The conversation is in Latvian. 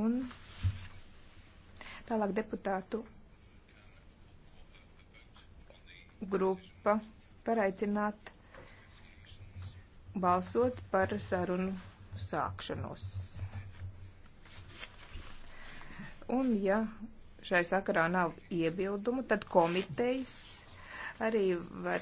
un tālāk deputātu grupa var aicināt balsot par sarunu sākšanos. Un ja šai sakarā nav iebildumu, tad komitejas arī var